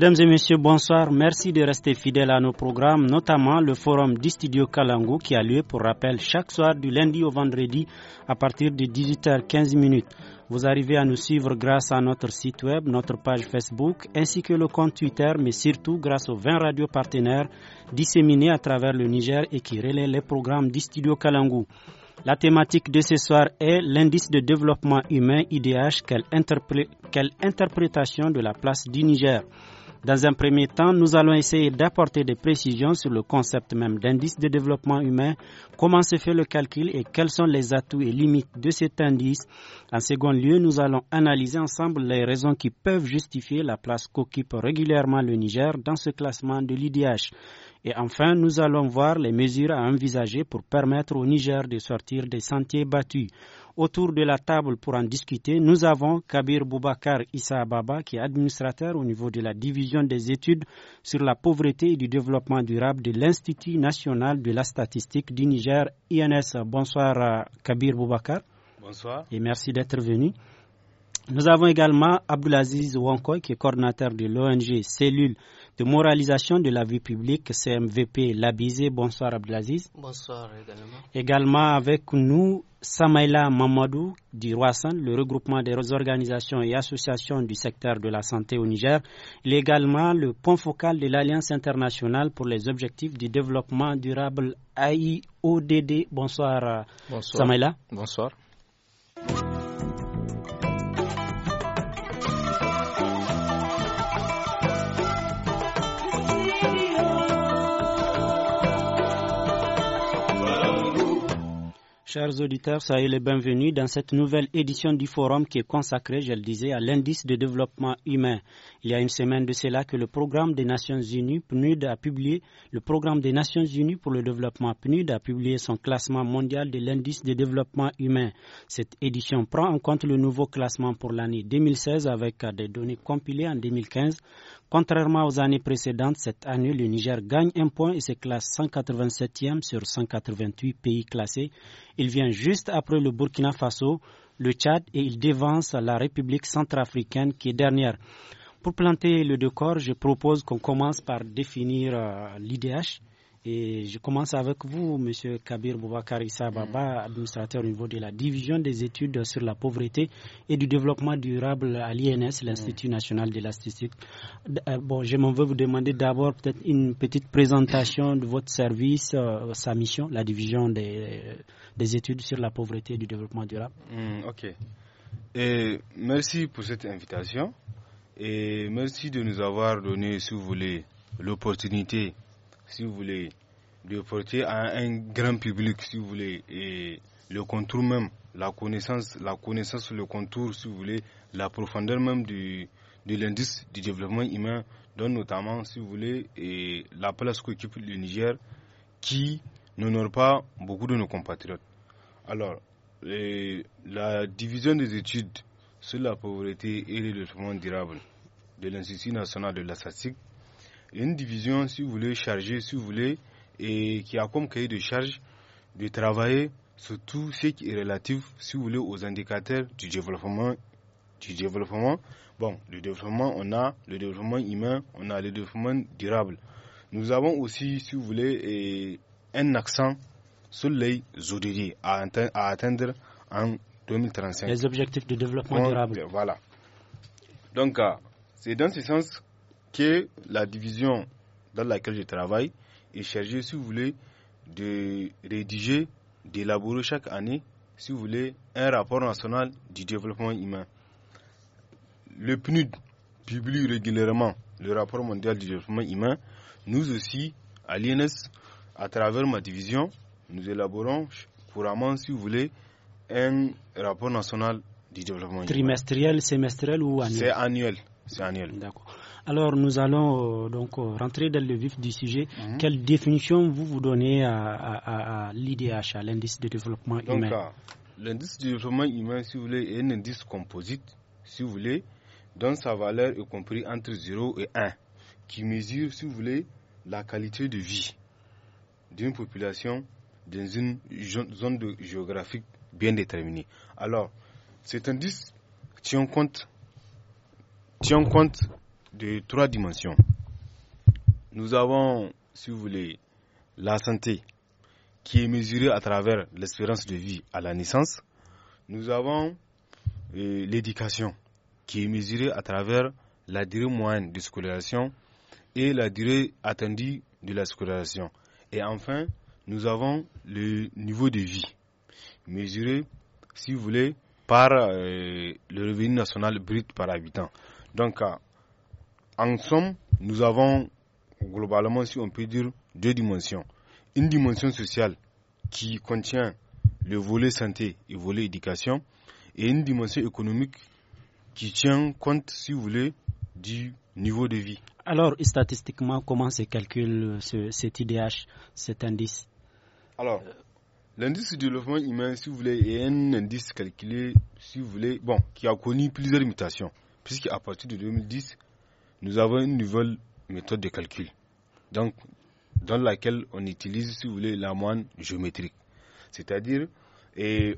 Mesdames et messieurs, bonsoir. Merci de rester fidèles à nos programmes, notamment le forum d'Istudio Kalangu qui a lieu, pour rappel, chaque soir du lundi au vendredi à partir de 18h15 Vous arrivez à nous suivre grâce à notre site web, notre page Facebook ainsi que le compte Twitter, mais surtout grâce aux 20 radios partenaires disséminés à travers le Niger et qui relaient les programmes d'Istudio Kalangu. La thématique de ce soir est l'indice de développement humain IDH, quelle interprétation de la place du Niger. Dans un premier temps, nous allons essayer d'apporter des précisions sur le concept même d'indice de développement humain, comment se fait le calcul et quels sont les atouts et limites de cet indice. En second lieu, nous allons analyser ensemble les raisons qui peuvent justifier la place qu'occupe régulièrement le Niger dans ce classement de l'IDH. Et enfin, nous allons voir les mesures à envisager pour permettre au Niger de sortir des sentiers battus. Autour de la table pour en discuter, nous avons Kabir Boubacar Issa Ababa, qui est administrateur au niveau de la division des études sur la pauvreté et du développement durable de l'Institut national de la statistique du Niger, INS. Bonsoir euh, Kabir Boubacar. Bonsoir. Et merci d'être venu. Nous avons également Abdulaziz Wankoy, qui est coordinateur de l'ONG Cellule de moralisation de la vie publique, CMVP Labizé. Bonsoir Abdelaziz. Bonsoir également. Également avec nous, Samaïla Mamadou du Roissan, le regroupement des organisations et associations du secteur de la santé au Niger. Il est également le point focal de l'Alliance internationale pour les objectifs du développement durable AIODD. Bonsoir, euh, Bonsoir. Bonsoir. Chers auditeurs, soyez les bienvenus dans cette nouvelle édition du forum qui est consacrée, je le disais, à l'indice de développement humain. Il y a une semaine de cela que le programme des Nations Unies, PNUD, a publié, le programme des Nations Unies pour le développement PNUD a publié son classement mondial de l'indice de développement humain. Cette édition prend en compte le nouveau classement pour l'année 2016 avec des données compilées en 2015 Contrairement aux années précédentes, cette année, le Niger gagne un point et se classe 187e sur 188 pays classés. Il vient juste après le Burkina Faso, le Tchad et il dévance la République centrafricaine qui est dernière. Pour planter le décor, je propose qu'on commence par définir euh, l'IDH. Et je commence avec vous, Monsieur Kabir Issa mm. Baba, administrateur au niveau de la division des études sur la pauvreté et du développement durable à l'INS, mm. l'Institut national de la statistique. Euh, bon, je m'en veux vous demander d'abord peut-être une petite présentation de votre service, euh, sa mission, la division des, études sur la pauvreté et du développement durable. Mm, ok. Et merci pour cette invitation et merci de nous avoir donné, si vous voulez, l'opportunité si vous voulez, de porter à un grand public, si vous voulez, et le contour même, la connaissance, la connaissance, le contour, si vous voulez, la profondeur même du, de l'indice du développement humain, dont notamment, si vous voulez, et la place qu'occupe le Niger, qui n'honore pas beaucoup de nos compatriotes. Alors, la division des études sur la pauvreté et le développement durable de l'Institut national de la statistique une division, si vous voulez, chargée, si vous voulez, et qui a comme cahier de charge de travailler sur tout ce qui est relatif, si vous voulez, aux indicateurs du développement. Du développement. Bon, le développement, on a le développement humain, on a le développement durable. Nous avons aussi, si vous voulez, un accent sur les ODD à, atteindre en 2035. Les objectifs de développement durable. Voilà. Donc, euh, c'est dans ce sens que la division dans laquelle je travaille est chargée, si vous voulez, de rédiger, d'élaborer chaque année, si vous voulez, un rapport national du développement humain. Le PNUD publie régulièrement le rapport mondial du développement humain. Nous aussi, à l'INS, à travers ma division, nous élaborons couramment, si vous voulez, un rapport national du développement humain. Trimestriel, semestriel ou annuel C'est annuel. C'est annuel. D'accord. Alors nous allons euh, donc euh, rentrer dans le vif du sujet. Mhm. Quelle définition vous vous donnez à, l'IDH, à l'indice de développement humain L'indice de développement humain, si vous voulez, est un indice composite, si vous voulez, dont sa valeur est comprise entre 0 et 1, qui mesure, si vous voulez, la qualité de vie d'une population dans une zone géographique bien déterminée. Alors, cet indice tient compte, tient compte de trois dimensions. Nous avons, si vous voulez, la santé qui est mesurée à travers l'espérance de vie à la naissance. Nous avons euh, l'éducation qui est mesurée à travers la durée moyenne de scolarisation et la durée attendue de la scolarisation. Et enfin, nous avons le niveau de vie mesuré, si vous voulez, par euh, le revenu national brut par habitant. Donc, en somme, nous avons globalement, si on peut dire, deux dimensions. Une dimension sociale qui contient le volet santé et le volet éducation, et une dimension économique qui tient compte, si vous voulez, du niveau de vie. Alors, statistiquement, comment se calcule cet IDH, cet indice Alors, l'indice du développement humain, si vous voulez, est un indice calculé, si vous voulez, bon, qui a connu plusieurs mutations, puisqu'à partir de 2010, nous avons une nouvelle méthode de calcul, donc, dans laquelle on utilise, si vous voulez, la moine géométrique. C'est-à-dire,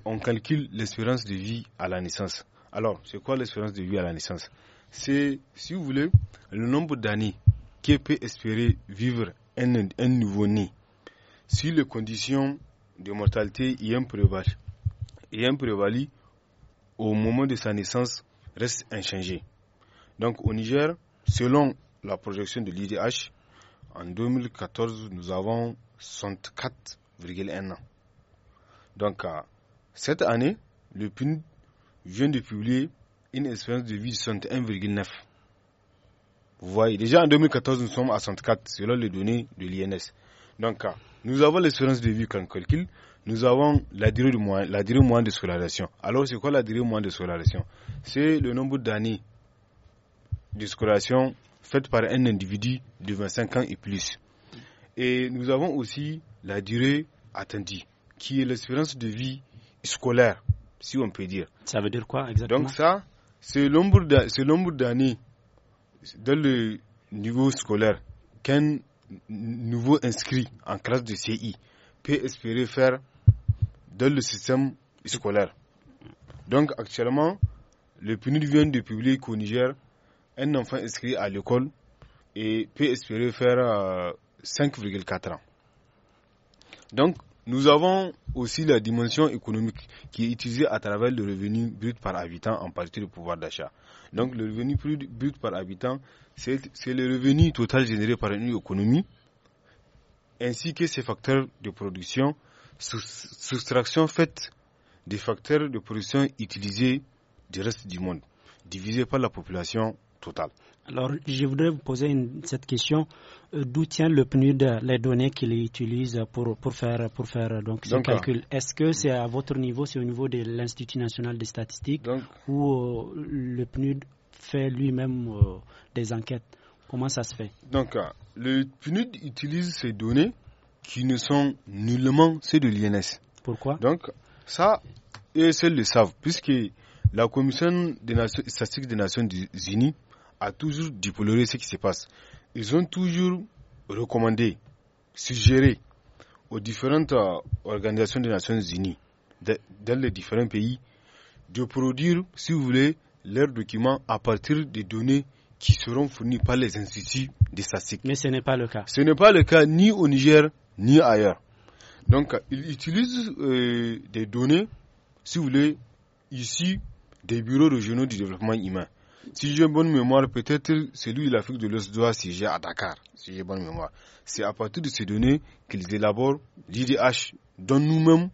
on calcule l'espérance de vie à la naissance. Alors, c'est quoi l'espérance de vie à la naissance C'est, si vous voulez, le nombre d'années que peut espérer vivre un, nouveau-né si les conditions de mortalité y en prévalent au moment de sa naissance restent inchangées. Donc, au Niger, selon la projection de l'IDH, en 2014, nous avons 64,1 ans. Donc, cette année, le PNUD vient de publier une espérance de vie de 61,9. Vous voyez, déjà en 2014, nous sommes à 64, selon les données de l'INS. Donc, nous avons l'espérance de vie qu'on calcule, nous avons la durée, de la durée moyenne de scolarisation. Alors, c'est quoi la durée moyenne de scolarisation C'est le nombre d'années de faite par un individu de 25 ans et plus. Et nous avons aussi la durée attendue, qui est l'espérance de vie scolaire, si on peut dire. Ça veut dire quoi exactement Donc ça, c'est nombre d'années dans le niveau scolaire qu'un nouveau inscrit en classe de CI peut espérer faire dans le système scolaire. Donc actuellement, le PNUD vient de publier qu'au Niger, un enfant inscrit à l'école et peut espérer faire 5,4 euh, ans. Donc, nous avons aussi la dimension économique qui est utilisée à travers le revenu brut par habitant en partie du pouvoir d'achat. Donc le revenu brut par habitant, c'est le revenu total généré par une économie, ainsi que ses facteurs de production, soustraction faite des facteurs de production utilisés du reste du monde, divisé par la population alors, je voudrais vous poser cette question. Euh, d'où tient le PNUD les données qu'il utilise pour, pour, faire, pour faire euh, donc, ces calculs Est-ce que c'est à votre niveau, c'est au niveau de l'Institut national des statistiques, ou euh, le PNUD fait lui-même des enquêtes Comment ça se fait Donc, le PNUD utilise ces données qui ne sont nullement celles de l'INS. Pourquoi Donc, ça, et celles le savent, puisque la Commission des statistiques des Nations Unies a toujours déploré ce qui se passe. Ils ont toujours recommandé, suggéré aux différentes euh, organisations des Nations Unies dans les différents pays de produire, si vous voulez, leurs documents à partir des données qui seront fournies par les instituts de SACIC. Mais ce n'est pas le cas. Ce n'est pas le cas ni au Niger ni ailleurs. Donc, ils utilisent euh, des données, si vous voulez, ici, des bureaux régionaux du développement humain. Si j'ai bonne mémoire, peut-être celui de l'Afrique de l'Ouest doit j'ai à Dakar, si j'ai bonne mémoire. C'est à partir de ces données qu'ils élaborent l'IDH, dont nous-mêmes,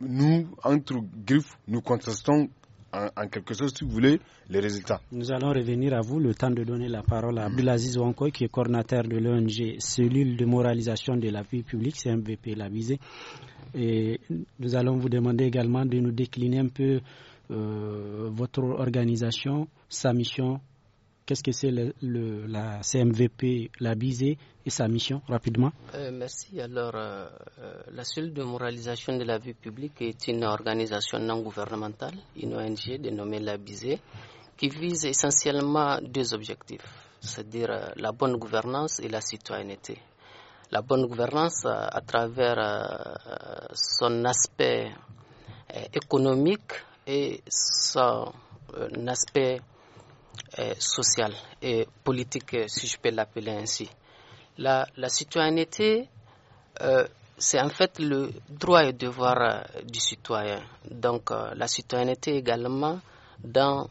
nous, entre griffes, nous contestons en, quelque sorte, si vous voulez, les résultats. Nous allons revenir à vous, le temps de donner la parole à Abdelaziz Wankoy qui est coordinateur de l'ONG Cellule de moralisation de la vie publique, CMVP, la visée. Et nous allons vous demander également de nous décliner un peu euh, votre organisation, sa mission, qu'est-ce que c'est la CMVP, la BISE et sa mission, rapidement euh, Merci. Alors, euh, la cellule de moralisation de la vie publique est une organisation non gouvernementale, une ONG dénommée la BISE, qui vise essentiellement deux objectifs, c'est-à-dire la bonne gouvernance et la citoyenneté. La bonne gouvernance, à travers son aspect économique, et son euh, aspect euh, social et politique, euh, si je peux l'appeler ainsi. La, citoyenneté, c'est en fait le droit et devoir du citoyen. Donc la citoyenneté également, dans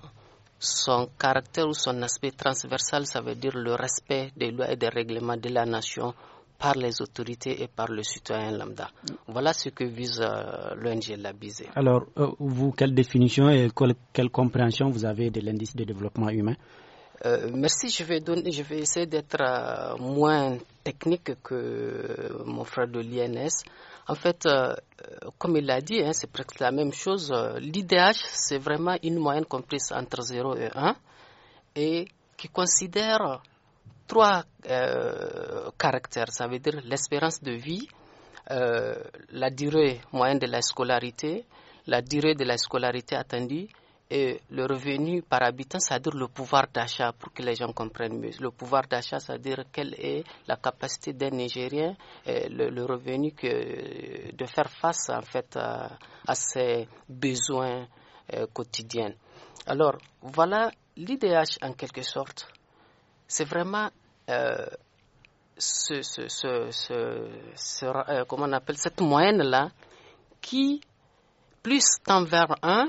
son caractère ou son aspect transversal, ça veut dire le respect des lois et des règlements de la nation par les autorités et par le citoyen lambda. Voilà ce que vise euh, l'ONG Labizé. Alors, euh, vous, quelle définition et quelle, compréhension vous avez de l'indice de développement humain euh, merci, je vais, je vais essayer d'être moins technique que mon frère de l'INS. En fait, comme il l'a dit, hein, c'est presque la même chose. L'IDH, c'est vraiment une moyenne comprise entre 0 et 1 et qui considère trois euh, caractères. Ça veut dire l'espérance de vie, euh, la durée moyenne de la scolarité, la durée de la scolarité attendue et le revenu par habitant, c'est-à-dire le pouvoir d'achat, pour que les gens comprennent mieux. Le pouvoir d'achat, c'est-à-dire quelle est la capacité d'un Nigérien, et le, revenu que, de faire face en fait à, ses besoins euh, quotidiens. Alors voilà l'IDH en quelque sorte c'est vraiment euh, ce, ce, euh, on appelle cette moyenne là qui plus tend vers un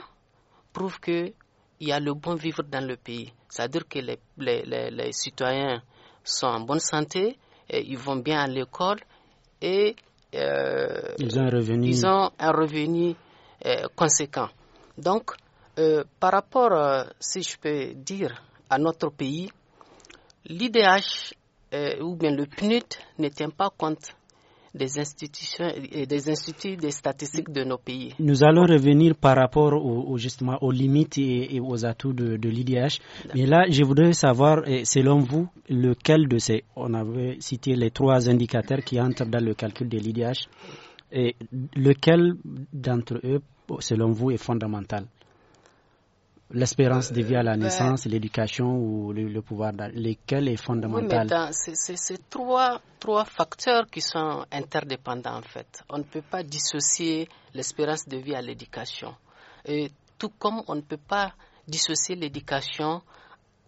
prouve qu'il y a le bon vivre dans le pays. C'est-à-dire que les, citoyens sont en bonne santé, et ils vont bien à l'école et euh, ils ont revenu, ils ont un revenu conséquent. Donc, par rapport, si je peux dire, à notre pays, l'IDH euh, ou bien le PNUD ne tient pas compte des institutions et euh, des instituts des statistiques de nos pays. Nous allons revenir par rapport au, justement aux limites et, aux atouts de, de l'IDH. Mais là, je voudrais savoir, euh, selon vous, lequel de ces, on avait cité les trois indicateurs qui entrent dans le calcul de l'IDH, et lequel d'entre eux, selon vous, est fondamental l'espérance de vie à la naissance, l'éducation ou le, pouvoir pouvoir, lesquels est fondamental C'est trois, facteurs qui sont interdépendants en fait. On ne peut pas dissocier l'espérance de vie à l'éducation. tout comme on ne peut pas dissocier l'éducation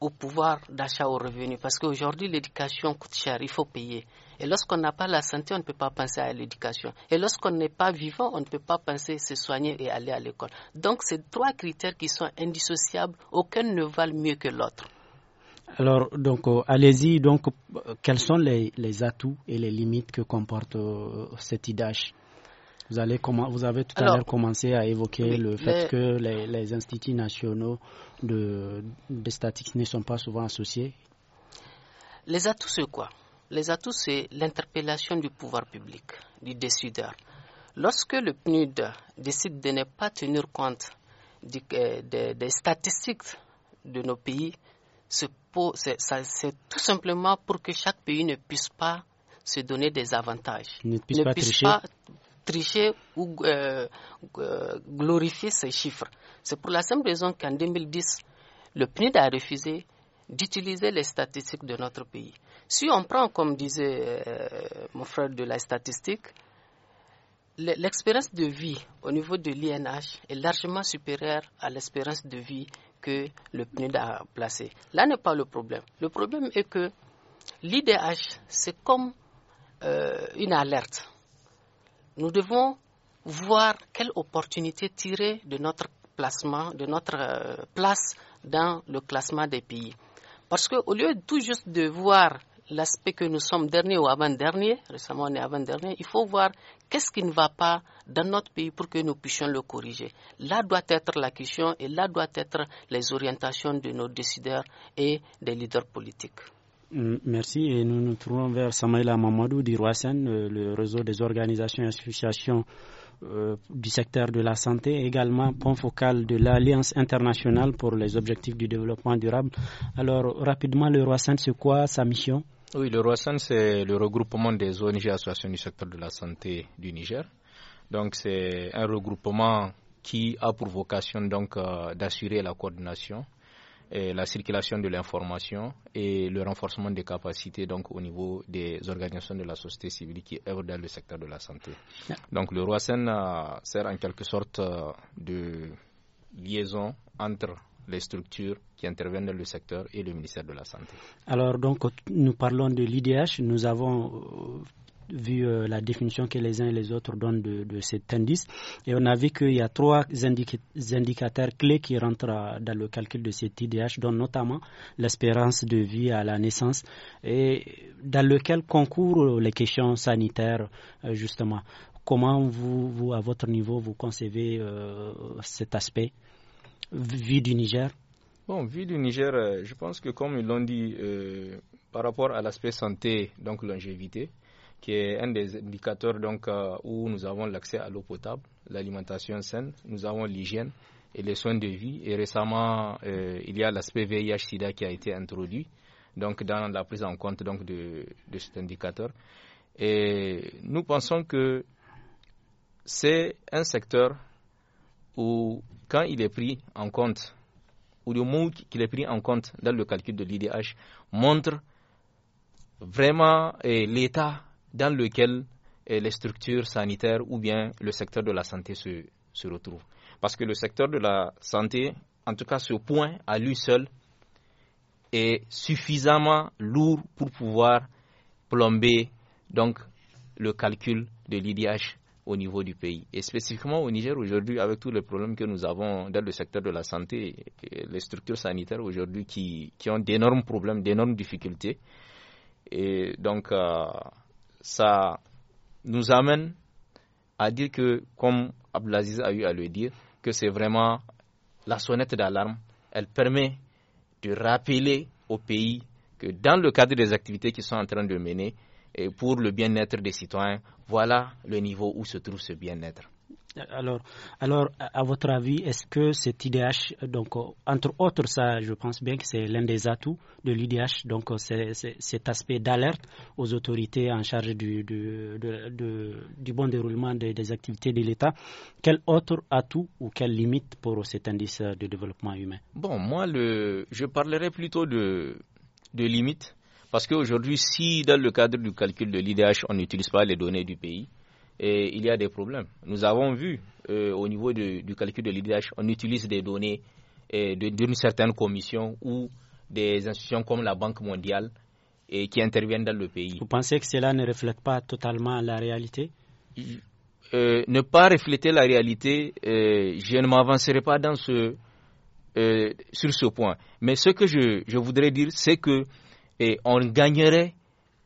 au pouvoir d'achat au revenu. Parce qu'aujourd'hui, l'éducation coûte cher, il faut payer. Et lorsqu'on n'a pas la santé, on ne peut pas penser à l'éducation. Et lorsqu'on n'est pas vivant, on ne peut pas penser à se soigner et aller à l'école. Donc, ces trois critères qui sont indissociables, aucun ne valent mieux que l'autre. Alors, donc, euh, allez-y. Donc, euh, quels sont les, atouts et les limites que comporte euh, cette cet IDH vous, avez tout à l'heure commencé à évoquer le fait que les, instituts nationaux de, de statistiques ne sont pas souvent associés. Les atouts, c'est quoi les atouts, c'est l'interpellation du pouvoir public, du décideur. Lorsque le PNUD décide de ne pas tenir compte euh, des, statistiques de nos pays, c'est tout simplement pour que chaque pays ne puisse pas se donner des avantages, ne puisse, pas, tricher. ou euh, euh, glorifier ces chiffres. C'est pour la simple raison qu'en 2010, le PNUD a refusé d'utiliser les statistiques de notre pays. Si on prend, comme disait euh, mon frère de la statistique, l'expérience de vie au niveau de l'INH est largement supérieure à l'espérance de vie que le PNUD a placée. Là n'est pas le problème. Le problème est que l'IDH, c'est comme euh, une alerte. Nous devons voir quelle opportunité tirer de notre placement, de notre euh, place dans le classement des pays. Parce qu'au au lieu tout juste de voir l'aspect que nous sommes dernier ou avant-dernier, récemment on est avant-dernier, il faut voir qu'est-ce qui ne va pas dans notre pays pour que nous puissions le corriger. Là doit être la question et là doit être les orientations de nos décideurs et des leaders politiques. Mm, merci et nous nous trouvons vers Samaïla Mamadou du euh, le réseau des organisations et associations euh, du secteur de la santé, également point focal de l'Alliance internationale pour les objectifs du développement durable. Alors, rapidement, le roi c'est quoi sa mission Oui, le roi c'est le regroupement des ONG associations du secteur de la santé du Niger. Donc, c'est un regroupement qui a pour vocation euh, d'assurer la coordination la circulation de l'information et le renforcement des capacités donc au niveau des organisations de la société civile qui œuvrent dans le secteur de la santé. Ah. Donc le ROASEN euh, sert en quelque sorte euh, de liaison entre les structures qui interviennent dans le secteur et le ministère de la Santé. Alors donc nous parlons de l'IDH, nous avons euh, vu euh, la définition que les uns et les autres donnent de, cet indice. Et on a vu qu'il y a trois indicateurs clés qui rentrent euh, dans le calcul de cet IDH, dont notamment l'espérance de vie à la naissance et dans lequel concourent les questions sanitaires, euh, justement. Comment vous, à votre niveau, vous concevez cet aspect vie du Niger Bon, vie du Niger, je pense que comme ils l'ont dit, par rapport à l'aspect santé, donc longévité, qui est un des indicateurs donc, euh, où nous avons l'accès à l'eau potable, l'alimentation saine, nous avons l'hygiène et les soins de vie. Et récemment, euh, il y a l'aspect VIH-Sida qui a été introduit dans la prise en compte de, cet indicateur. Et nous pensons que c'est un secteur où, quand il est pris en compte, ou le mot qu'il est pris en compte dans le calcul de l'IDH, montre vraiment eh, l'état dans lequel eh, les structures sanitaires ou bien le secteur de la santé se, se retrouvent. Parce que le secteur de la santé, en tout cas ce point à lui seul, est suffisamment lourd pour pouvoir plomber donc le calcul de l'IDH au niveau du pays. Et spécifiquement au Niger aujourd'hui, avec tous les problèmes que nous avons dans le secteur de la santé, eh, les structures sanitaires aujourd'hui qui, ont d'énormes problèmes, d'énormes difficultés. Et donc, euh, ça nous amène à dire que, comme Abdelaziz a eu à le dire, que c'est vraiment la sonnette d'alarme. Elle permet de rappeler au pays que dans le cadre des activités qu'ils sont en train de mener et pour le bien-être des citoyens, voilà le niveau où se trouve ce bien-être. Alors, alors, à votre avis, est-ce que cet IDH, donc, euh, entre autres, ça, je pense bien que c'est l'un des atouts de l'IDH, donc, euh, c'est cet aspect d'alerte aux autorités en charge du, bon déroulement des, activités de l'État. Quel autre atout ou quelle limite pour cet indice de développement humain Bon, moi, le, je parlerai plutôt de, de limite, parce qu'aujourd'hui, si dans le cadre du calcul de l'IDH, on n'utilise pas les données du pays, il y a des problèmes. Nous avons vu euh, au niveau du calcul de l'IDH, on utilise des données euh, d'une certaine commission ou des institutions comme la Banque mondiale et qui interviennent dans le pays. Vous pensez que cela ne reflète pas totalement la réalité euh, Ne pas refléter la réalité, je ne m'avancerai pas dans ce, sur ce point. Mais ce que je, je voudrais dire, c'est que on gagnerait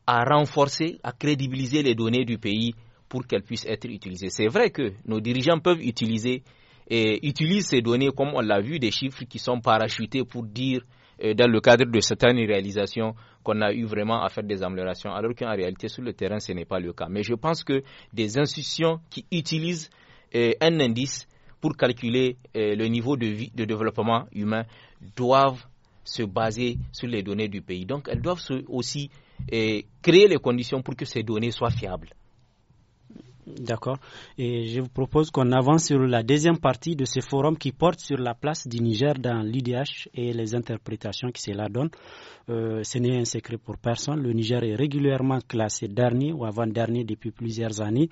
à renforcer, à crédibiliser les données du pays pour qu'elles puissent être utilisées. C'est vrai que nos dirigeants peuvent utiliser et ces données, comme on l'a vu, des chiffres qui sont parachutés pour dire, euh, dans le cadre de certaines réalisations, qu'on a eu vraiment à faire des améliorations, alors qu'en réalité, sur le terrain, ce n'est pas le cas. Mais je pense que des institutions qui utilisent euh, un indice pour calculer euh, le niveau de, vie, de développement humain doivent se baser sur les données du pays. Donc, elles doivent aussi créer les conditions pour que ces données soient fiables. D'accord. Et je vous propose qu'on avance sur la deuxième partie de ce forum qui porte sur la place du Niger dans l'IDH et les interprétations qui cela donne. Euh, ce n'est un secret pour personne. Le Niger est régulièrement classé dernier ou avant-dernier depuis plusieurs années.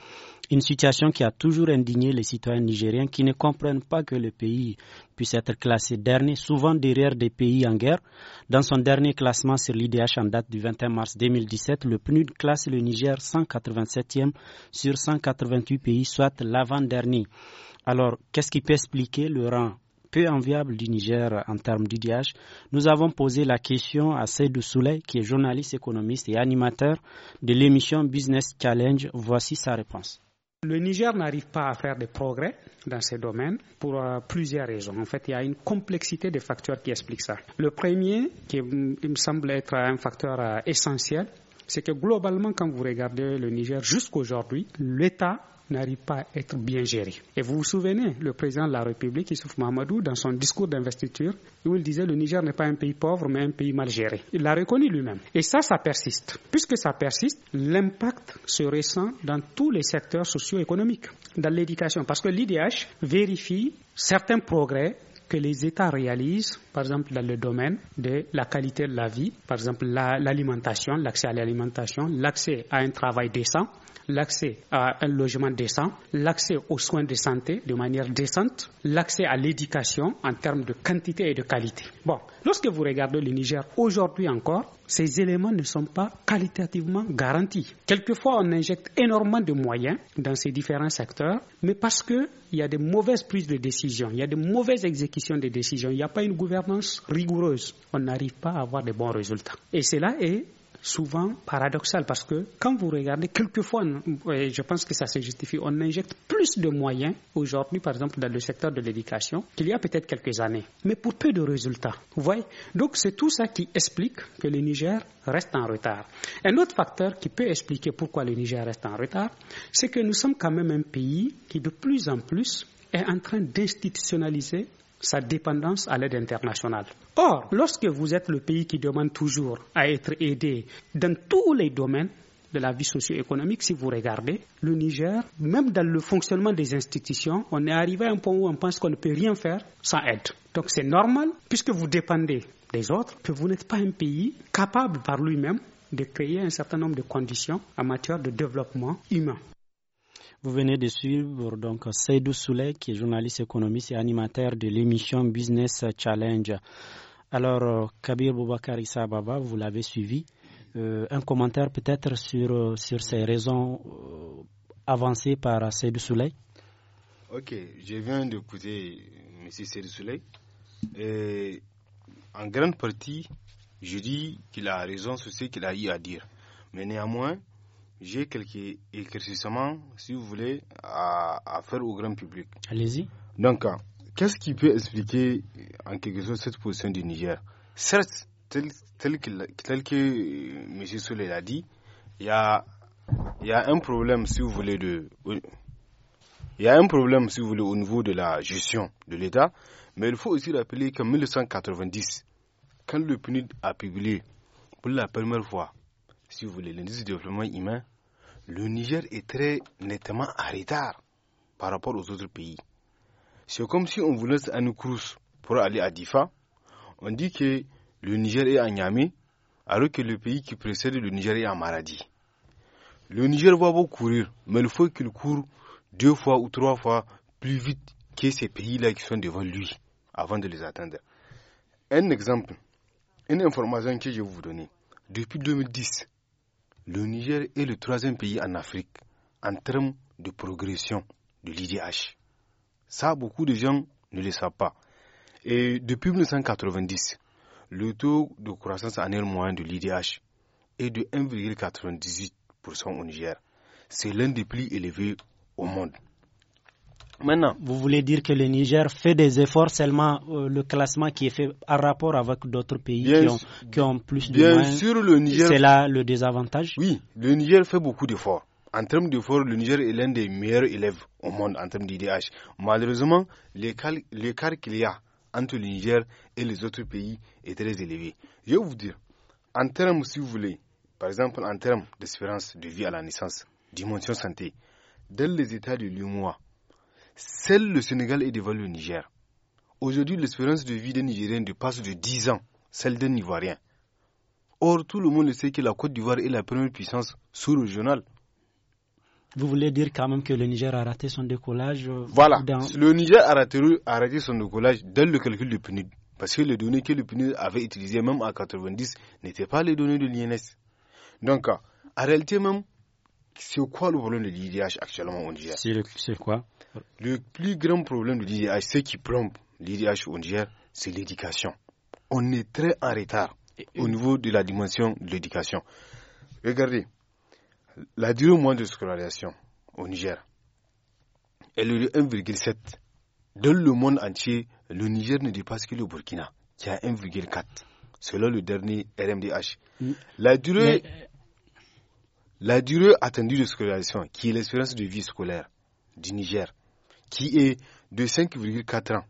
Une situation qui a toujours indigné les citoyens nigériens qui ne comprennent pas que le pays puisse être classé dernier, souvent derrière des pays en guerre. Dans son dernier classement sur l'IDH en date du 21 mars 2017, le PNUD classe le Niger 187e sur 188 pays, soit l'avant-dernier. Alors, qu'est-ce qui peut expliquer le rang peu enviable du Niger en termes d'IDH, nous avons posé la question à Seydou Souley, qui est journaliste économiste et animateur de l'émission Business Challenge. Voici sa réponse. Le Niger n'arrive pas à faire des progrès dans ces domaines pour euh, plusieurs raisons. En fait, il y a une complexité de facteurs qui expliquent ça. Le premier, qui me semble être un facteur euh, essentiel, c'est que globalement, quand vous regardez le Niger jusqu'aujourd'hui, l'État n'arrive pas à être bien géré. Et vous vous souvenez, le président de la République, Issouf Mahamadou, dans son discours d'investiture, où il disait le Niger n'est pas un pays pauvre, mais un pays mal géré. Il l'a reconnu lui-même. Et ça, ça persiste. Puisque ça persiste, l'impact se ressent dans tous les secteurs socio-économiques, dans l'éducation, parce que l'IDH vérifie certains progrès que les États réalisent par exemple dans le domaine de la qualité de la vie, par exemple l'alimentation, l'accès à l'alimentation, l'accès à un travail décent, l'accès à un logement décent, l'accès aux soins de santé de manière décente, l'accès à l'éducation en termes de quantité et de qualité. Bon, lorsque vous regardez le Niger aujourd'hui encore, ces éléments ne sont pas qualitativement garantis. Quelquefois, on injecte énormément de moyens dans ces différents secteurs, mais parce qu'il y a des mauvaises prises de décision, il y a des mauvaises exécutions de décisions, il n'y a pas une gouvernance rigoureuse, on n'arrive pas à avoir de bons résultats. Et cela est souvent paradoxal parce que quand vous regardez, quelquefois, je pense que ça se justifie, on injecte plus de moyens aujourd'hui, par exemple, dans le secteur de l'éducation qu'il y a peut-être quelques années, mais pour peu de résultats. Vous voyez Donc, c'est tout ça qui explique que le Niger reste en retard. Un autre facteur qui peut expliquer pourquoi le Niger reste en retard, c'est que nous sommes quand même un pays qui, de plus en plus, est en train d'institutionnaliser sa dépendance à l'aide internationale. Or, lorsque vous êtes le pays qui demande toujours à être aidé dans tous les domaines, de la vie socio-économique, si vous regardez, le Niger, même dans le fonctionnement des institutions, on est arrivé à un point où on pense qu'on ne peut rien faire sans aide. Donc c'est normal, puisque vous dépendez des autres, que vous n'êtes pas un pays capable par lui-même de créer un certain nombre de conditions en matière de développement humain. Vous venez de suivre donc Seydou Souley, qui est journaliste économiste et animateur de l'émission Business Challenge. Alors, Kabir Boubacar Issa vous l'avez suivi. Euh, un commentaire peut-être sur, sur ces raisons euh, avancées par Seydou Souley Ok, je viens d'écouter M. Seydou Souley. Et en grande partie, je dis qu'il a raison sur ce qu'il a eu à dire. Mais néanmoins, j'ai quelques éclaircissements, si vous voulez, à, faire au grand public. Allez-y. Donc, euh, qu'est-ce qui peut expliquer euh, en quelque sorte cette position du Niger Certes, tel, que, euh, M. Soleil l'a dit, il y a, un problème, si vous voulez, de. Il y a un problème, si vous voulez, au niveau de la gestion de l'État, mais il faut aussi rappeler qu'en 1990, quand le PNUD a publié pour la première fois si vous voulez, l'indice de développement humain, le Niger est très nettement en retard par rapport aux autres pays. C'est comme si on vous laisse à pour aller à Difa. On dit que le Niger est à Niamey, alors que le pays qui précède le Niger est à Maradi. Le Niger va beaucoup courir, mais il faut qu'il court deux fois ou trois fois plus vite que ces pays-là qui sont devant lui avant de les atteindre. Un exemple, une information que je vais vous donner. Depuis 2010, le Niger est le troisième pays en Afrique en termes de progression de l'IDH. Ça, beaucoup de gens ne le savent pas. Et depuis 1990, le taux de croissance annuelle moyen de l'IDH est de 1,98% au Niger. C'est l'un des plus élevés au monde. Maintenant, vous voulez dire que le Niger fait des efforts seulement euh, le classement qui est fait en rapport avec d'autres pays qui, ont, plus de bien sûr, le Niger. C'est là le désavantage. Oui, le Niger fait beaucoup d'efforts. En termes d'efforts, le Niger est l'un des meilleurs élèves au monde en termes d'IDH. Malheureusement, l'écart qu'il y a entre le Niger et les autres pays est très élevé. Je vais vous dire, en termes, si vous voulez, par exemple, en termes d'espérance de vie à la naissance, dimension santé, dès les États de l'UMOA, celle le Sénégal est devant le Niger. Aujourd'hui, l'espérance de vie des Nigériens dépasse de 10 ans, celle d'un Ivoirien. Or, tout le monde sait que la Côte d'Ivoire est la première puissance sous-régionale. Vous voulez dire quand même que le Niger a raté son décollage euh, Voilà. Le Niger a raté, son décollage dès le calcul du PNUD. Parce que les données que le PNUD avait utilisées, même en 90, n'étaient pas les données de l'INS. Donc, en réalité, même, c'est quoi le problème de l'IDH actuellement au Niger C'est quoi Le plus grand problème de l'IDH, ce qui plombe l'IDH au Niger, c'est l'éducation. On est très en retard au niveau de la dimension de l'éducation. Regardez, la durée moyenne de scolarisation au Niger, est de 1,7. Dans le monde entier, le Niger ne dépasse que le Burkina, qui a 1,4 selon le dernier RMDH. Mm. La durée. La durée attendue de scolarisation, qui est l'espérance de vie scolaire du Niger, qui est de 5,4 ans,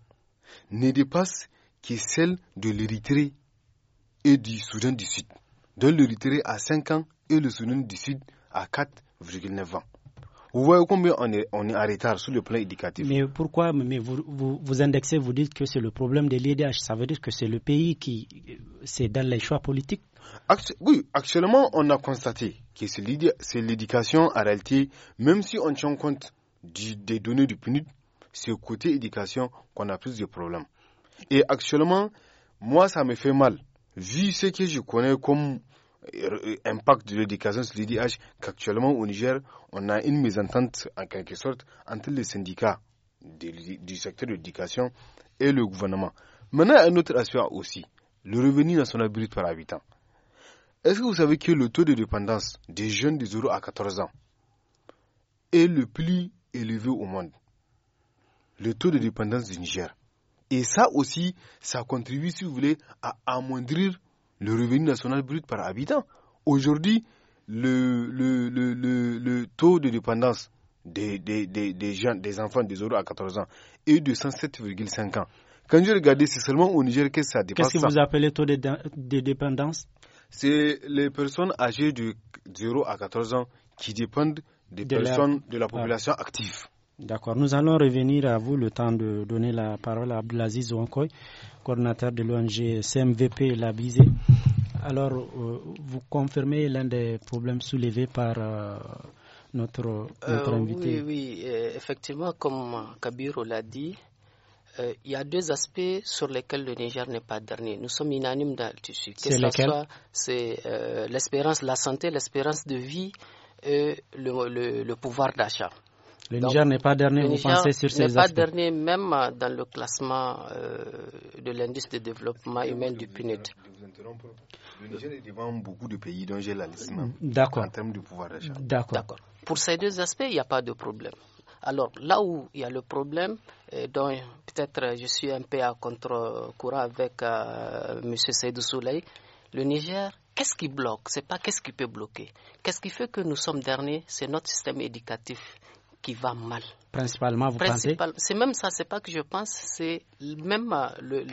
ne dépasse que celle de l'Érythrée et du Soudan du Sud, dont l'Érythrée a 5 ans et le Soudan du Sud a 4,9 ans. Vous voyez combien on est, en retard sur le plan éducatif. Mais pourquoi mais vous, vous, indexez, vous dites que c'est le problème de l'IDH. Ça veut dire que c'est le pays qui. C'est dans les choix politiques oui, actuellement, on a constaté que c'est l'éducation en réalité, même si on tient compte des données du PNUD, c'est au côté éducation qu'on a plus de problèmes. Et actuellement, moi, ça me fait mal. Vu ce que je connais comme euh, impact de l'éducation sur l'IDH, qu'actuellement au Niger, on a une mésentente en quelque sorte entre les syndicats du secteur de l'éducation et le gouvernement. Maintenant, un autre aspect aussi, le revenu national brut par habitant. Est-ce que vous savez que le taux de dépendance des jeunes de 0 à 14 ans est le plus élevé au monde Le taux de dépendance du Niger. Et ça aussi, ça contribue, si vous voulez, à amoindrir le revenu national brut par habitant. Aujourd'hui, le, le, taux de dépendance des, des, des, des, des enfants de 0 à 14 ans est de 107,5 ans. Quand je regardais, c'est seulement au Niger que ça dépasse. Qu'est-ce que vous appelez taux de dépendance c'est les personnes âgées de 0 à 14 ans qui dépendent des personnes de la ah. population active. D'accord. Nous allons revenir à vous le temps de donner la parole à Abdelaziz Ouankoy, coordinateur de l'ONG CMVP Labizé. Alors, euh, vous confirmez l'un des problèmes soulevés par euh, notre, euh, invité Oui, oui. effectivement, comme Kabiro l'a dit, euh, il y a deux aspects sur lesquels le Niger n'est pas dernier. Nous sommes unanimes dans le tissu. Que ce c'est euh, l'espérance, la santé, l'espérance de vie et le, pouvoir d'achat. Le Niger n'est pas dernier, vous pensez, sur ces aspects n'est pas dernier, même dans le classement euh, de l'indice de développement humain du PNUD. E le Niger est devant beaucoup de pays dont j'ai la liste en termes de pouvoir d'achat. D'accord. Pour ces deux aspects, il n'y a pas de problème. Alors là où il y a le problème, et euh, dont peut-être je suis un peu à contre-courant avec euh, M. Seydou Souley, le Niger, qu'est-ce qui bloque C'est pas qu'est-ce qui peut bloquer. Qu'est-ce qui fait que nous sommes derniers C'est notre système éducatif qui va mal. Principalement, vous pensez C'est même ça, c'est pas que je pense, c'est même euh, le,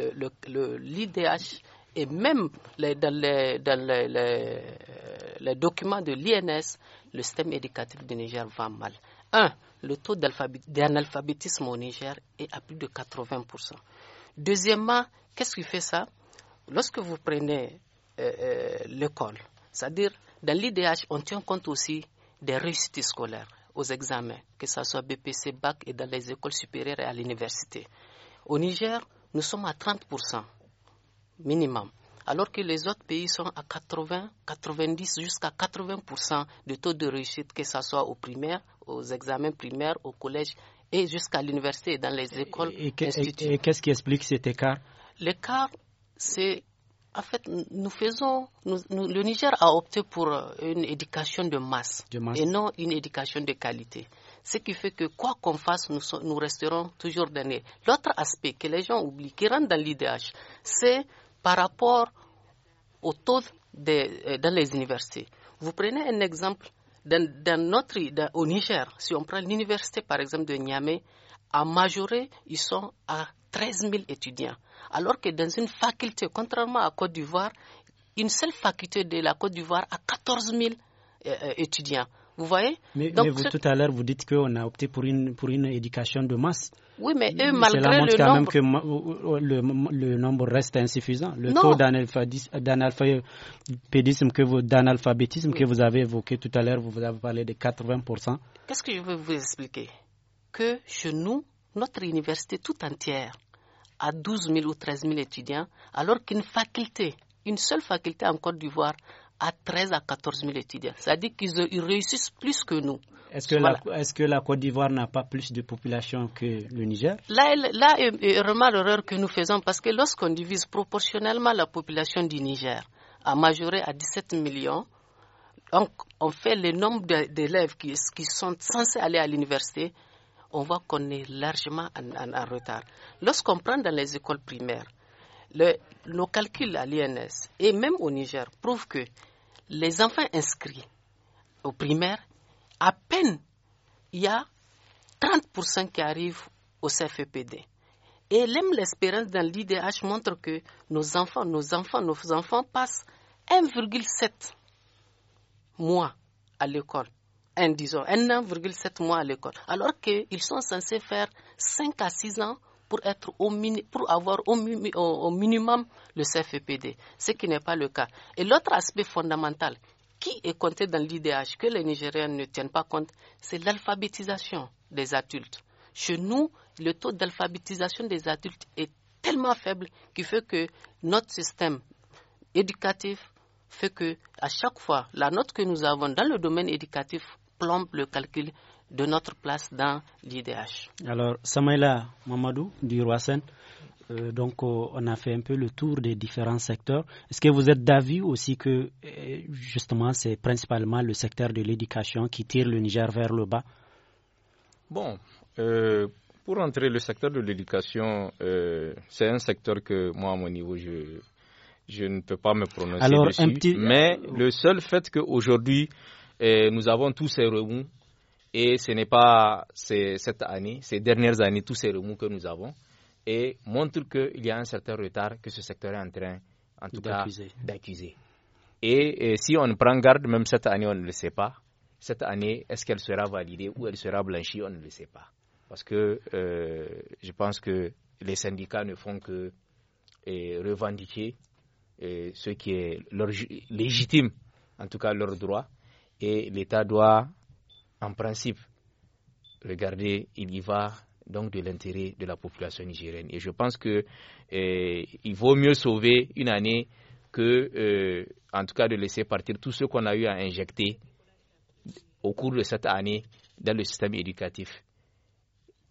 le, l'IDH et même dans, les, les, documents de l'INS, le système éducatif du Niger va mal. Un, le taux d'analphabétisme au Niger est à plus de 80%. Deuxièmement, qu'est-ce qui fait ça Lorsque vous prenez euh, euh, l'école, c'est-à-dire dans l'IDH, on tient compte aussi des réussites scolaires aux examens, que ce soit BPC, BAC et dans les écoles supérieures et à l'université. Au Niger, nous sommes à 30% minimum, alors que les autres pays sont à 80, 90, jusqu'à 80% de taux de réussite, que ce soit au primaire, aux examens primaires, au collège et jusqu'à l'université dans les écoles. Et, qu'est-ce qui explique cet écart L'écart, c'est en fait, nous faisons, le Niger a opté pour euh, une éducation de masse, et non une éducation de qualité. Ce qui fait que quoi qu'on fasse, nous, resterons toujours donnés. L'autre aspect que les gens oublient, qui rentre dans l'IDH, c'est par rapport au taux de, euh, dans les universités. Vous prenez un exemple, dans, notre, au Niger, si on prend l'université par exemple de Niamey, à Majoré, ils sont à 13 000 étudiants. Alors que dans une faculté, contrairement à Côte d'Ivoire, une seule faculté de la Côte d'Ivoire a 14 000 euh, euh, étudiants. Vous voyez Mais, tout à l'heure, vous dites qu'on a opté pour une, pour une éducation de masse. Oui, mais eux, malgré Cela montre quand même que le, nombre reste insuffisant. Le taux d'analphabétisme que, vous, que vous avez évoqué tout à l'heure, vous avez parlé de 80%. Qu'est-ce que je veux vous expliquer Que chez nous, notre université tout entière a 12 000 ou 13 000 étudiants, alors qu'une faculté, une seule faculté en Côte d'Ivoire, à 13 à 14 000 étudiants. C'est-à-dire qu'ils réussissent plus que nous. Est-ce que, la Côte d'Ivoire n'a pas plus de population que le Niger Là, là est vraiment l'erreur que nous faisons parce que lorsqu'on divise proportionnellement la population du Niger à majorer à 17 millions, on, on fait le nombre d'élèves qui, sont censés aller à l'université, on voit qu'on est largement en, retard. Lorsqu'on prend dans les écoles primaires, nos calculs à l'INS et même au Niger prouvent que les enfants inscrits au primaire, à peine il y a 30% qui arrivent au CFEPD. Et même l'espérance dans l'IDH montre que nos enfants, nos enfants, nos enfants passent 1,7 mois à l'école. Un, 1,7 mois à l'école. Alors qu'ils sont censés faire 5 à 6 ans pour, être au pour avoir au, minimum le CFPD, ce qui n'est pas le cas. Et l'autre aspect fondamental qui est compté dans l'IDH que les Nigériens ne tiennent pas compte, c'est l'alphabétisation des adultes. Chez nous, le taux d'alphabétisation des adultes est tellement faible qu'il fait que notre système éducatif fait que à chaque fois la note que nous avons dans le domaine éducatif plombe le calcul de notre place dans l'IDH. Alors, Samaïla Mamadou du euh, donc euh, on a fait un peu le tour des différents secteurs. Est-ce que vous êtes d'avis aussi que euh, justement c'est principalement le secteur de l'éducation qui tire le Niger vers le bas Bon, pour entrer le secteur de l'éducation, c'est un secteur que moi à mon niveau je, ne peux pas me prononcer Mais le seul fait qu'aujourd'hui eh, nous avons tous ces remous et ce n'est pas cette année, ces dernières années, tous ces remous que nous avons, et montrent qu'il y a un certain retard que ce secteur est en train, en tout cas, d'accuser. Et, si on prend garde, même cette année, on ne le sait pas. Cette année, est-ce qu'elle sera validée ou elle sera blanchie, on ne le sait pas. Parce que euh, je pense que les syndicats ne font que revendiquer ce qui est légitime, en tout cas leur droit. Et l'État doit en principe, regardez, il y va donc de l'intérêt de la population nigérienne. Et je pense qu'il eh, vaut mieux sauver une année que, eh, en tout cas, de laisser partir tout ce qu'on a eu à injecter au cours de cette année dans le système éducatif.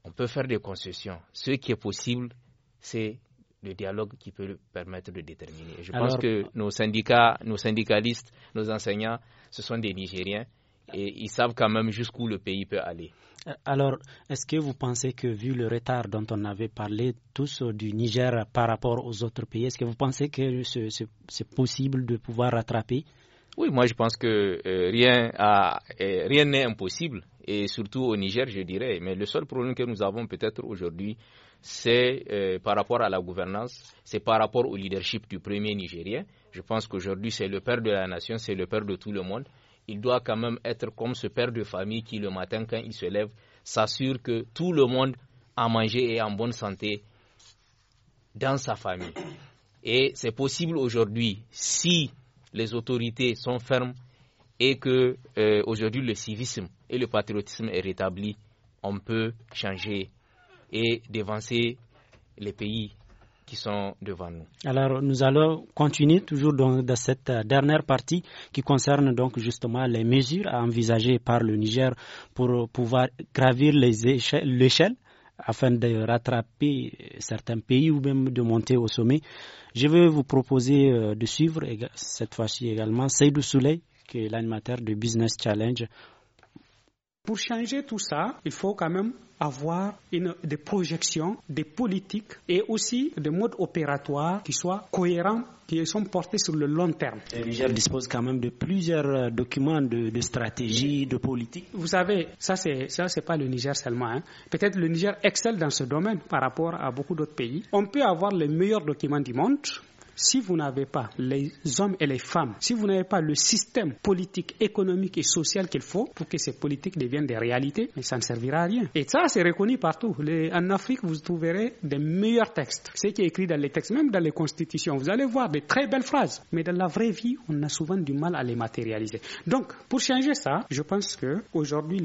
On peut faire des concessions. Ce qui est possible, c'est le dialogue qui peut permettre de déterminer. je pense que nos syndicats, nos syndicalistes, nos enseignants, ce sont des Nigériens et ils savent quand même jusqu'où le pays peut aller. Euh, alors, est-ce que vous pensez que, vu le retard dont on avait parlé tous euh, du Niger par rapport aux autres pays, est-ce que vous pensez que c'est possible de pouvoir rattraper Oui, moi je pense que euh, rien n'est impossible, et surtout au Niger, je dirais. Mais le seul problème que nous avons peut-être aujourd'hui, c'est par rapport à la gouvernance, c'est par rapport au leadership du premier Nigérien. Je pense qu'aujourd'hui, c'est le père de la nation, c'est le père de tout le monde il doit quand même être comme ce père de famille qui, le matin, quand il se lève, s'assure que tout le monde a mangé et est en bonne santé dans sa famille. Et c'est possible aujourd'hui si les autorités sont fermes et que euh, aujourd'hui le civisme et le patriotisme est rétabli, on peut changer et dévancer les pays qui sont devant nous. Alors, nous allons continuer toujours dans, cette euh, dernière partie qui concerne donc justement les mesures envisagées par le Niger pour pouvoir gravir l'échelle afin de rattraper euh, certains pays ou même de monter au sommet. Je vais vous proposer euh, de suivre cette fois-ci également Seydou Souley, qui est l'animateur de Business Challenge pour changer tout ça, il faut quand même avoir une, des projections, des politiques et aussi des modes opératoires qui soient cohérents, qui sont portés sur le long terme. Le Niger dispose quand même de plusieurs euh, documents de, stratégie, de politique. Vous savez, ça c'est ça c'est pas le Niger seulement. Hein. Peut-être le Niger excelle dans ce domaine par rapport à beaucoup d'autres pays. On peut avoir les meilleurs documents du monde, si vous n'avez pas les hommes et les femmes, si vous n'avez pas le système politique, économique et social qu'il faut pour que ces politiques deviennent des réalités, ça ne servira à rien. Et ça, c'est reconnu partout. en Afrique, vous trouverez des meilleurs textes. Ce qui est écrit dans les textes, même dans les constitutions, vous allez voir des très belles phrases. Mais dans la vraie vie, on a souvent du mal à les matérialiser. Donc, pour changer ça, je pense que aujourd'hui,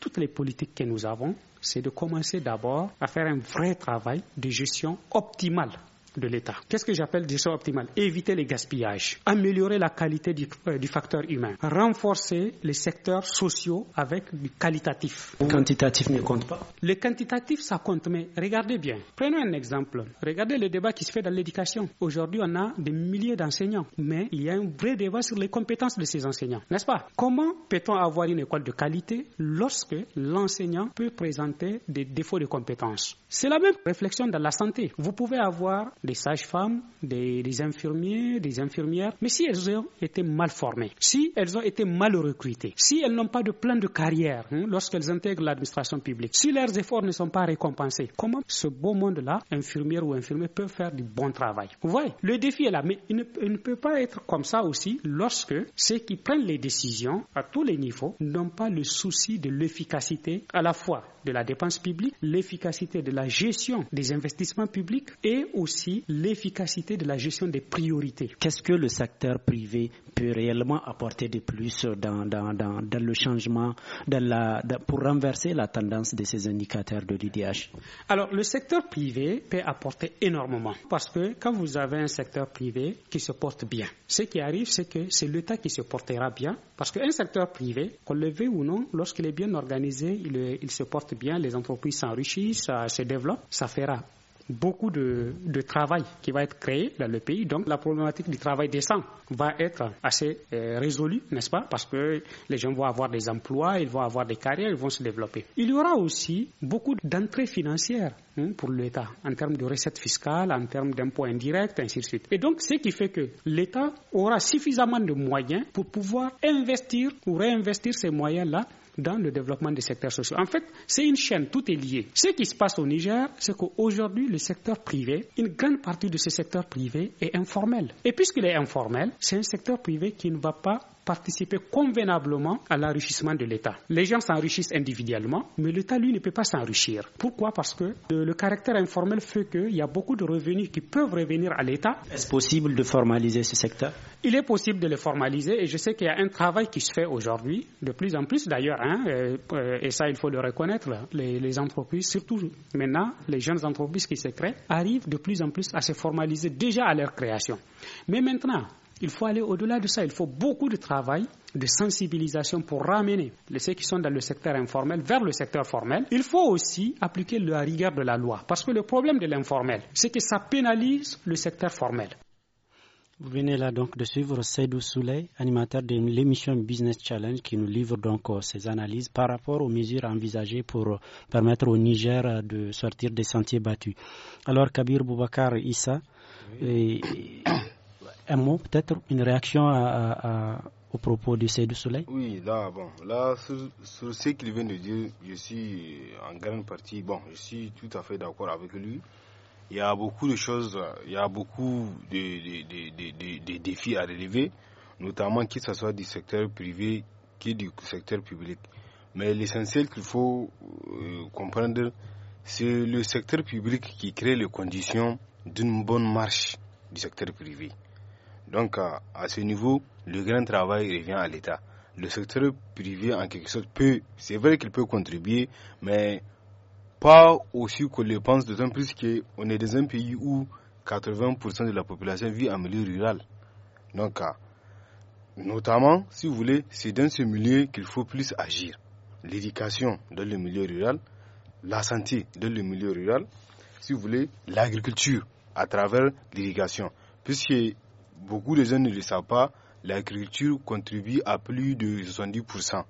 toutes les politiques que nous avons, c'est de commencer d'abord à faire un vrai travail de gestion optimale de l'État. Qu'est-ce que j'appelle gestion optimale Éviter les gaspillages, améliorer la qualité du, euh, du, facteur humain, renforcer les secteurs sociaux avec du qualitatif. Le quantitatif ne compte pas Le quantitatif, ça compte, mais regardez bien. Prenons un exemple. Regardez le débat qui se fait dans l'éducation. Aujourd'hui, on a des milliers d'enseignants, mais il y a un vrai débat sur les compétences de ces enseignants, n'est-ce pas Comment peut-on avoir une école de qualité lorsque l'enseignant peut présenter des défauts de compétences C'est la même réflexion dans la santé. Vous pouvez avoir des sages-femmes, des, infirmiers, des infirmières. Mais si elles ont été mal formées, si elles ont été mal recrutées, si elles n'ont pas de plan de carrière hein, lorsqu'elles intègrent l'administration publique, si leurs efforts ne sont pas récompensés, comment ce beau monde-là, infirmière ou infirmier, peut faire du bon travail Vous voyez, le défi est là, mais il ne peut pas être comme ça aussi lorsque ceux qui prennent les décisions à tous les niveaux n'ont pas le souci de l'efficacité à la fois de la dépense publique, l'efficacité de la gestion des investissements publics et aussi l'efficacité de la gestion des priorités. Qu'est-ce que le secteur privé peut réellement apporter de plus dans, dans, dans, dans le changement la, pour renverser la tendance de ces indicateurs de l'IDH Alors, le secteur privé peut apporter énormément parce que quand vous avez un secteur privé qui se porte bien, ce qui arrive, c'est que c'est l'État qui se portera bien parce qu'un secteur privé, qu'on le veuille ou non, lorsqu'il est bien organisé, il, il se porte bien, les entreprises s'enrichissent, ça se développe, ça fera beaucoup de, de, travail qui va être créé dans le pays. Donc la problématique du travail décent va être assez euh, résolue, n'est-ce pas Parce que les gens vont avoir des emplois, ils vont avoir des carrières, ils vont se développer. Il y aura aussi beaucoup d'entrées financières hein, pour l'État en termes de recettes fiscales, en termes d'impôts indirects, ainsi de suite. Et donc ce qui fait que l'État aura suffisamment de moyens pour pouvoir investir ou réinvestir ces moyens-là dans le développement des secteurs sociaux. En fait, c'est une chaîne, tout est lié. Ce qui se passe au Niger, c'est qu'aujourd'hui, le secteur privé, une grande partie de ce secteur privé est informel. Et puisqu'il est informel, c'est un secteur privé qui ne va pas participer convenablement à l'enrichissement de l'État. Les gens s'enrichissent individuellement, mais l'État, lui, ne peut pas s'enrichir. Pourquoi Parce que euh, le caractère informel fait qu'il y a beaucoup de revenus qui peuvent revenir à l'État. Est-ce possible de formaliser ce secteur Il est possible de le formaliser et je sais qu'il y a un travail qui se fait aujourd'hui, de plus en plus d'ailleurs, hein, euh, euh, et ça, il faut le reconnaître. Les, les entreprises, surtout maintenant, les jeunes entreprises qui se créent, arrivent de plus en plus à se formaliser déjà à leur création. Mais maintenant, il faut aller au-delà de ça. Il faut beaucoup de travail, de sensibilisation pour ramener ceux qui sont dans le secteur informel vers le secteur formel. Il faut aussi appliquer la rigueur de la loi. Parce que le problème de l'informel, c'est que ça pénalise le secteur formel. Vous venez là donc de suivre Seydou Souley, animateur de l'émission Business Challenge, qui nous livre donc euh, ses analyses par rapport aux mesures envisagées pour euh, permettre au Niger euh, de sortir des sentiers battus. Alors, Kabir Boubacar Issa, un mot, peut-être une réaction au propos de du Soleil Oui, là, bon, là, sur, ce qu'il vient de dire, je suis en grande partie, bon, je suis tout à fait d'accord avec lui. Il y a beaucoup de choses, il y a beaucoup de, défis à relever, notamment que ce soit du secteur privé que du secteur public. Mais l'essentiel qu'il faut euh, comprendre, c'est le secteur public qui crée les conditions d'une bonne marche du secteur privé. Donc, euh, à ce niveau, le grand travail revient à l'État. Le secteur privé, en quelque sorte, peut, c'est vrai qu'il peut contribuer, mais pas aussi qu'on le pense, d'autant plus qu'on est dans un pays où 80% de la population vit en milieu rural. Donc, euh, notamment, si vous voulez, c'est dans ce milieu qu'il faut plus agir. L'éducation dans le milieu rural, la santé dans le milieu rural, si vous voulez, l'agriculture à travers l'irrigation. Puisque beaucoup de gens ne le savent pas, l'agriculture contribue à plus de 70%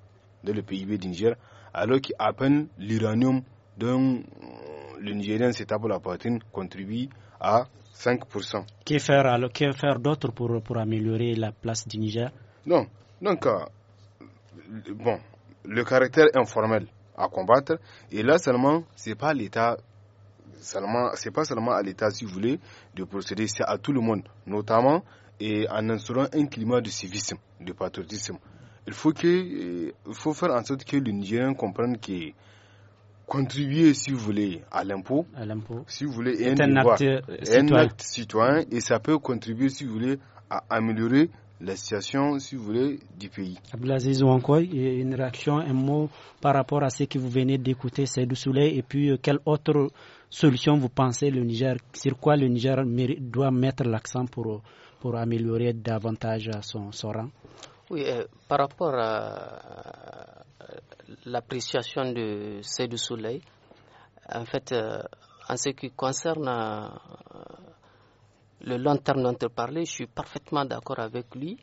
de le PIB du Niger, alors qu'à peine l'uranium dont euh, le Nigérien s'établit la poitrine contribue à 5%. Que faire, que faire d'autre pour, pour améliorer la place du Niger Non, donc, euh, bon, le caractère informel à combattre, et là seulement, ce n'est pas l'État seulement, c'est pas seulement à l'État, si vous voulez, de procéder, c'est à tout le monde, notamment et en instaurant un climat de civisme, de patriotisme. Il faut, que, euh, faut faire en sorte que les comprenne comprennent que contribuer, si vous voulez, à l'impôt, si vous voulez, est un, acte citoyen et ça peut contribuer, si vous voulez, à améliorer la situation, si vous voulez, du pays. Abdelaziz encore une réaction, un mot par rapport à ce que vous venez d'écouter, c'est du soleil, et puis euh, quel autre solution vous pensez le Niger, sur quoi le Niger doit mettre l'accent pour, améliorer davantage son, rang Oui, euh, par rapport à euh, l'appréciation de du Soleil, en fait, euh, en ce qui concerne le long terme dont il parlait, je suis parfaitement d'accord avec lui.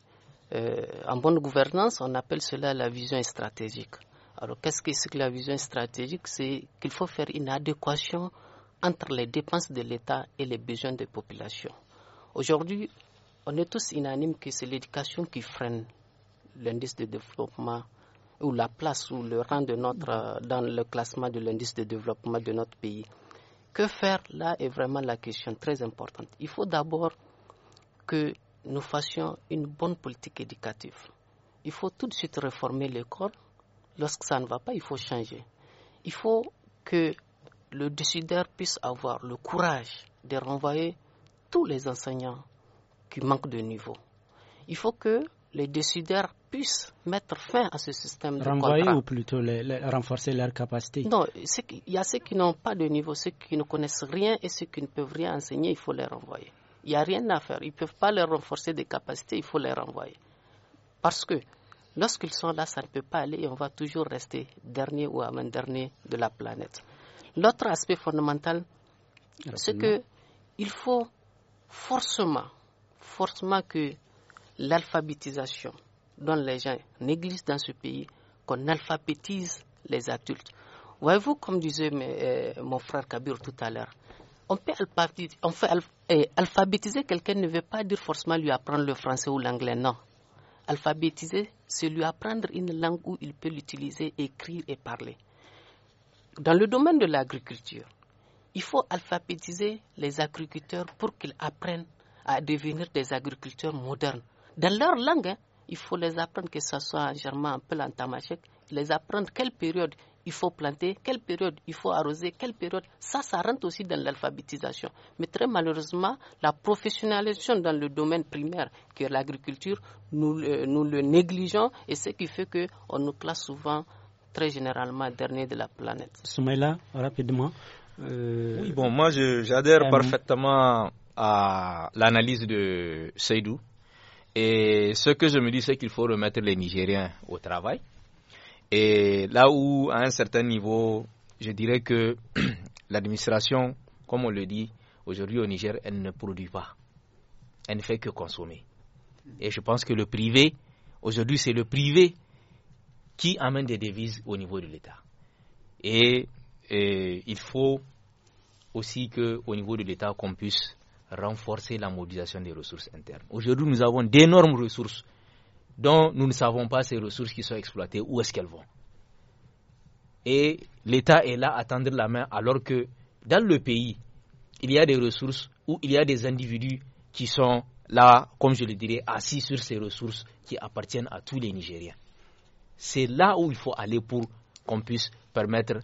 en bonne gouvernance, on appelle cela la vision stratégique. Alors, qu'est-ce que c'est que la vision stratégique C'est qu'il faut faire une adéquation entre les dépenses de l'État et les besoins des populations. Aujourd'hui, on est tous unanimes que c'est l'éducation qui freine l'indice de développement ou la place ou le rang de notre dans le classement de l'indice de développement de notre pays. Que faire là est vraiment la question très importante. Il faut d'abord que nous fassions une bonne politique éducative. Il faut tout de suite réformer l'école. Lorsque ça ne va pas, il faut changer. Il faut que le décideur puisse avoir le courage de renvoyer tous les enseignants qui manquent de niveau. Il faut que les décideurs puissent mettre fin à ce système de Renvoyer ou plutôt renforcer leurs capacités Non, il y a ceux qui n'ont pas de niveau, ceux qui ne connaissent rien et ceux qui ne peuvent rien enseigner, il faut les renvoyer. Il n'y a rien à faire. Ils ne peuvent pas leur renforcer des capacités, il faut les renvoyer. Parce que lorsqu'ils sont là, ça ne peut pas aller et on va toujours rester dernier ou à main dernier de la planète. L'autre aspect fondamental, c'est qu'il faut forcément, forcément que l'alphabétisation dont les gens négligent dans ce pays, qu'on alphabétise les adultes. Voyez-vous, comme disait euh, mon frère Kabir tout à l'heure, on peut euh, alphabétiser quelqu'un ne veut pas dire forcément lui apprendre le français ou l'anglais, non. Alphabétiser, c'est lui apprendre une langue où il peut l'utiliser, écrire et parler. Dans le domaine de l'agriculture, il faut alphabétiser les agriculteurs pour qu'ils apprennent à devenir des agriculteurs modernes. Dans leur langue, hein, il faut les apprendre, que ce soit en germain, un peu en tamashek, les apprendre quelle période il faut planter, quelle période il faut arroser, quelle période. Ça, ça rentre aussi dans l'alphabétisation. Mais très malheureusement, la professionnalisation dans le domaine primaire, qui est l'agriculture, nous, nous le négligeons et ce qui fait qu'on nous classe souvent très généralement dernier de la planète. Soumaïla, rapidement. Euh, oui, bon, moi j'adhère parfaitement à l'analyse de Seydou. Et ce que je me dis, c'est qu'il faut remettre les Nigériens au travail. Et là où, à un certain niveau, je dirais que l'administration, comme on le dit aujourd'hui au Niger, elle ne produit pas. Elle ne fait que consommer. Et je pense que le privé, aujourd'hui, c'est le privé qui amène des devises au niveau de l'État. Et, il faut aussi qu'au niveau de l'État, qu'on puisse renforcer la mobilisation des ressources internes. Aujourd'hui, nous avons d'énormes ressources dont nous ne savons pas ces ressources qui sont exploitées, où est-ce qu'elles vont. Et l'État est là à tendre la main alors que dans le pays, il y a des ressources où il y a des individus qui sont là, comme je le dirais, assis sur ces ressources qui appartiennent à tous les Nigériens. C'est là où il faut aller pour qu'on puisse permettre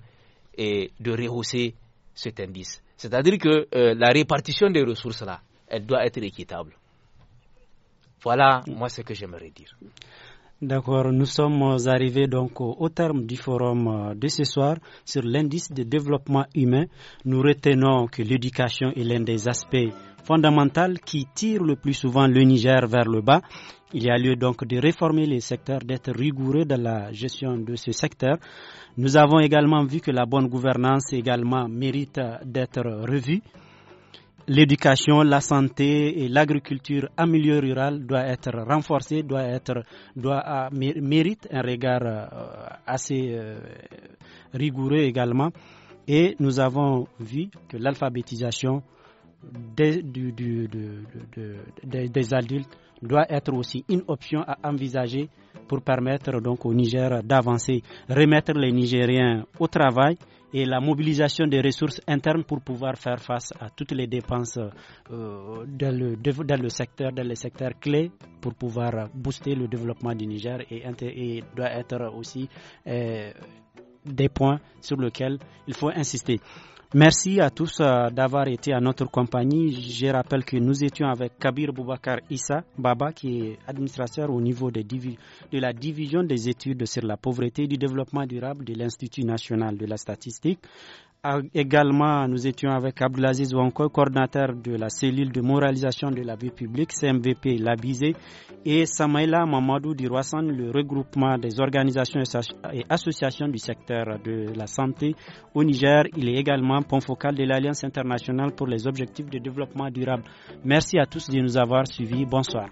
et de rehausser cet indice. C'est-à-dire que euh, la répartition des ressources là, elle doit être équitable. Voilà, mm. moi, ce que j'aimerais dire. D'accord, nous sommes euh, arrivés donc au terme du forum euh, de ce soir sur l'indice de développement humain. Nous retenons que l'éducation est l'un des aspects fondamentaux qui tire le plus souvent le Niger vers le bas. Il y a lieu donc de réformer les secteurs, d'être rigoureux dans la gestion de ce secteur. Nous avons également vu que la bonne gouvernance également mérite euh, d'être revue l'éducation, la santé et l'agriculture en milieu rural doit être renforcée, doit être, ah, mérite un regard euh, assez euh, rigoureux également. Et nous avons vu que l'alphabétisation des, des adultes doit être aussi une option à envisager pour permettre donc au Niger d'avancer, remettre les Nigériens au travail et la mobilisation des ressources internes pour pouvoir faire face à toutes les dépenses euh, dans, le, dans, le, secteur, dans les secteurs clés pour pouvoir booster le développement du Niger et, doit être aussi euh, des points sur lesquels il faut insister. Merci à tous euh, d'avoir été à notre compagnie. Je rappelle que nous étions avec Kabir Boubacar Issa Baba, qui est administrateur au niveau de, de la division des études sur la pauvreté et du développement durable de l'Institut national de la statistique également, nous étions avec Abdelaziz Wanko, coordinateur de la cellule de moralisation de la vie publique, CMVP Labizé, et Samaïla Mamadou Diroissan, le regroupement des organisations et associations du secteur de la santé au Niger. Il est également point focal de l'Alliance internationale pour les objectifs de développement durable. Merci à tous de nous avoir suivis. Bonsoir.